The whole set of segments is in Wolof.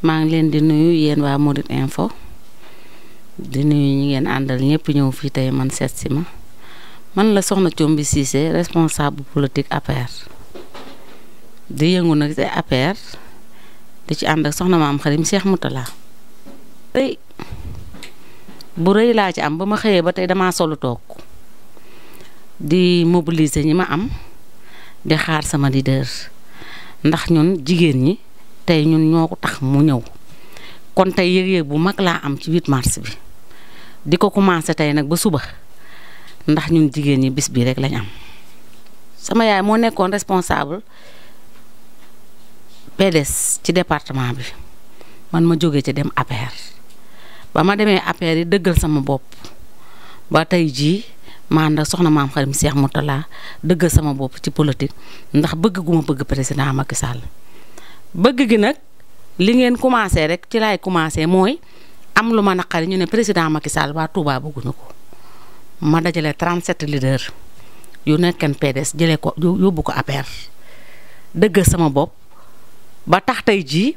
ma ngi leen di nuyu yeen waa Modit info di nuyu ñi ngeen àndal ñëpp ñëw fii tey man seet si ma man la soxna Combi Cissé responsable politique APR di yëngu nag ci APR di ci ànd ak soxna maam xarim Cheikh Moutala tey bu rëy laa ci am ba ma xëyee ba tey dama solo toog di mobiliser ñi ma am di xaar sama leader ndax ñun jigéen ñi tay ñun ñoko ko tax mu ñew kon tay yeg yeg bu mag la am ci 8 mars bi di ko commencé tey nag ba suba ndax ñun jigeen yi bis bi rek lañ am sama yaay mo nekkon responsable PDS ci département bi man ma joggé ci dem APR ba ma demee APR yi deugal sama bop ba tay ji ma ànd soxna mam xarim Cheikh Moutala dëggal sama bop ci politique ndax bëgg gu bëgg président Macky Sall bëgg gi nak li ngeen commencé rek ci lay commencé moy am lu ma naqari ñu né président Macky Sall wa Touba bëggu ñuko ma dajalé 37 leader yu nekkeen PDS jëlé ko yobbu ko APR deug sama bop ba tax tay ji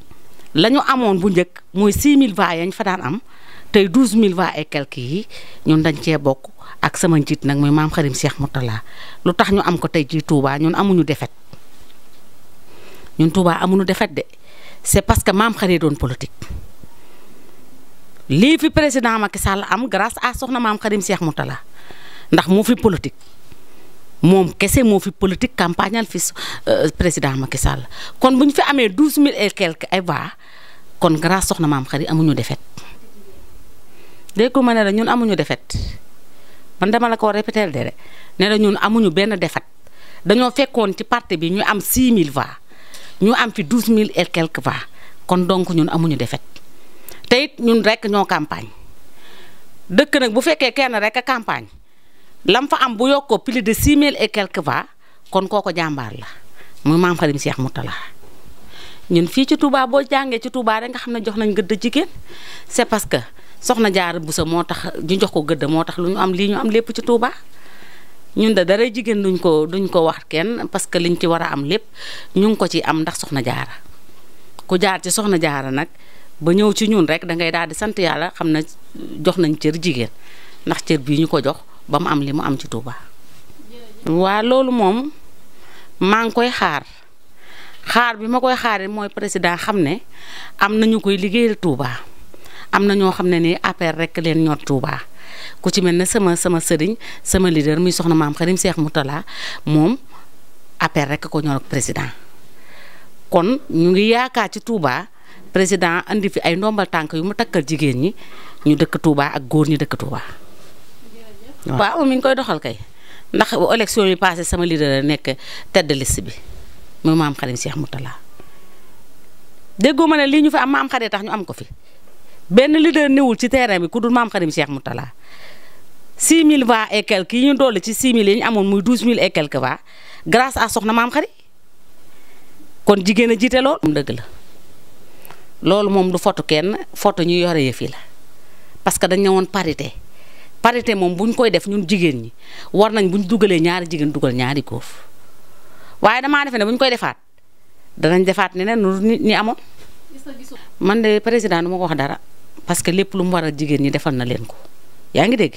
lañu amone bu ñëk moy 6000 voix yañ fa daan am tay 12000 voix et quelques yi ñun dañ ci bokk ak sama njiit nak moy Mam Xarim Cheikh Moutala lu tax ñu am ko tay ji Touba ñun amuñu défaite ñun Touba amuñu defet de c'est parce que maam xaree doon politique lii fi président Macky Sall am grâce à soxna maam seex Cheikh Moutala ndax moo fi politique moom kese moo fi politique campagnal fi euh, président Macky Sall kon bu ñu fi amee douze mille et quelque ay voix kon grâce soxna maam xarit amuñu defet dégg ko ma ne la ñun amuñu defet man dama la ko répéter de ne la ñun amuñu benn defet dañoo fekkoon ci parti bi ñu am six mille voix ñu am fi douse mille et quelque voix kon donc ñun amuñu défaite te it ñun rekk ñoo campagne dëkk nag bu fekkee kenn rek a campagne lam fa am bu yokkoo plus de six mille et quelque voix kon kooko jàmbaar la muy maam Xadim Cheikh Moutala ñun fii ci Touba boo jàngee ci Touba rek nga xam ne jox nañ gëdd jigéen c'est parce que soxna jaar Jaara Buso moo tax ñu jox ko gëdd moo tax lu ñu am lii ñu am lépp ci Touba. ñun de dara jigéen duñ ko duñ ko wax kenn parce que liñ ci war a am lépp ñu ngi ko ci am ndax soxna jaara ku jaar ci soxna jaara nag ba ñëw ci ñun rek da ngay daal di sant yàlla xam na jox nañ cër jigéen ndax cër bii ñu ko jox ba mu am li mu am ci Touba. waa loolu moom maa ngi koy xaar xaar bi ma koy xaaree mooy président xam ne am na ñu koy liggéeyal tuubaa am na ñoo xam ne nii APR rek leen ñor Touba. ku ci sema sama sama serigne sama leader muy soxna Mam kharim cheikh Mutala mom APR rek ko ñor ak président kon ñu ngi yaaka ci Touba président andi fi ay ndombal tank yu mu takkal jigen ñi ñu dekk Touba ak goor ñi dekk Touba. waaw mi ngi koy doxal kay ndax election yi passé sama leader nek tedd liste bi mu Mam kharim cheikh Mutala déggoo ma ne lii ñu fi am maam xade tax ñu am ko fi ben leader newul ci terrain bi kudul mam khadim Cheikh Moutala 6000 va et quelque ñu doli ci 6000 yi ñu amone muy 12000 et quelque va grâce à soxna mam Xadim kon jigéen jité jiite loolu. deug la loolu mom du foto kenn foto ñu yore yëf la parce que dañ ne parité parité mom buñ koy def ñun jigéen ñi war nañ buñ duggalé ñaari jigéen duggal ñaari góor waye dama defé ne buñ koy defaat dañ defaat neneen nu ni amoon. man de président du ko wax dara. parce que lépp lu mu war a jigéen ñi defal na leen ko yaa ngi dégg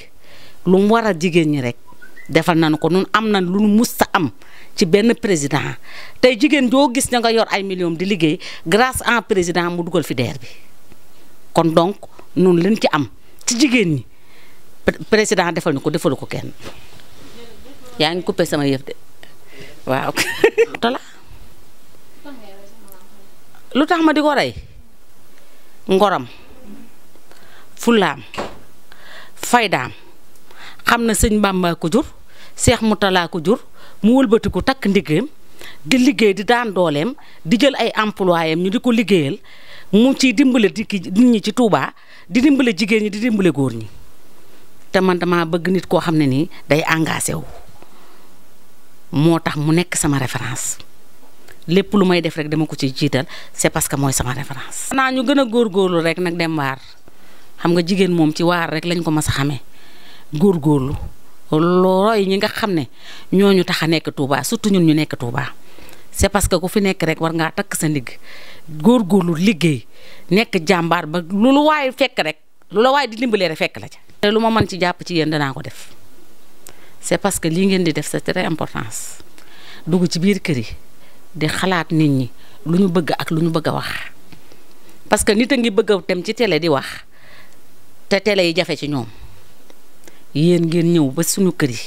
lu mu war a jigéen ñi rek defal nañu ko nun am na lu nu sa am ci benn président tey jigéen doo gis na nga yor ay millions di liggéey grâce en président mu dugal fi DER bi kon donc nun leen ci am ci jigéen ñi président defal ñu ko defalu ko kenn yaa ngi coupé sama yëf de waaw lu tax ma di ko rey ngoram fulam faydam xamna na kujur, Bàmba ko jur cheikh mutala ko jur mu wëlbatiku tak ndigem di liggey di daan dolem di jël ay employeem ñu diko ko mu ci dimbele nit ñi ci Touba di dimbele jigeen ñi di dimbele goor ñi te man dama bëgg nit ko xamne ni day engagé wu motax mu nekk sama référence lepp lu may def rek dama ko ci jital c'est parce que moy sama référence. na ñu gën a góorgóorlu rek nak dem war xam nga jigen mom ci war rek lañ ko mas a gor góorgóorlu roy ñi nga xamné ne taxa nek Touba surtout ñun ñu nek Touba c'est parce que ku fi nek rek war nga tak sa gor góorgóorlu liggéey nek jambar ba lu lu fekk rek lu la di dimbalee rek fekk la ca. lu ma mën ci japp ci yéen danaa ko def c'est parce que li ngeen di def c'est très importance dugg ci biir kër yi di xalaat nit ñi lu bëgg ak lu ñu bëgg wax parce que nit nga bëgg ci télé di wax. te télé yi jafe ci ñoom yéen ngeen ñëw ba suñu kër yi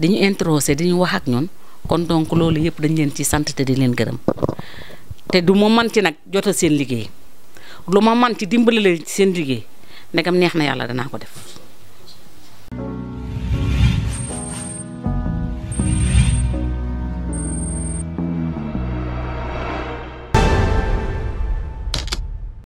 dañu introsé dañu wax ak ñun kon donc loolu yëpp dañ leen ci sant te di leen gërëm te du ma man ci nag jotal seen liggéey lu ma man ci dimbali leen ci seen liggéey ndegam neex na yàlla danaa ko def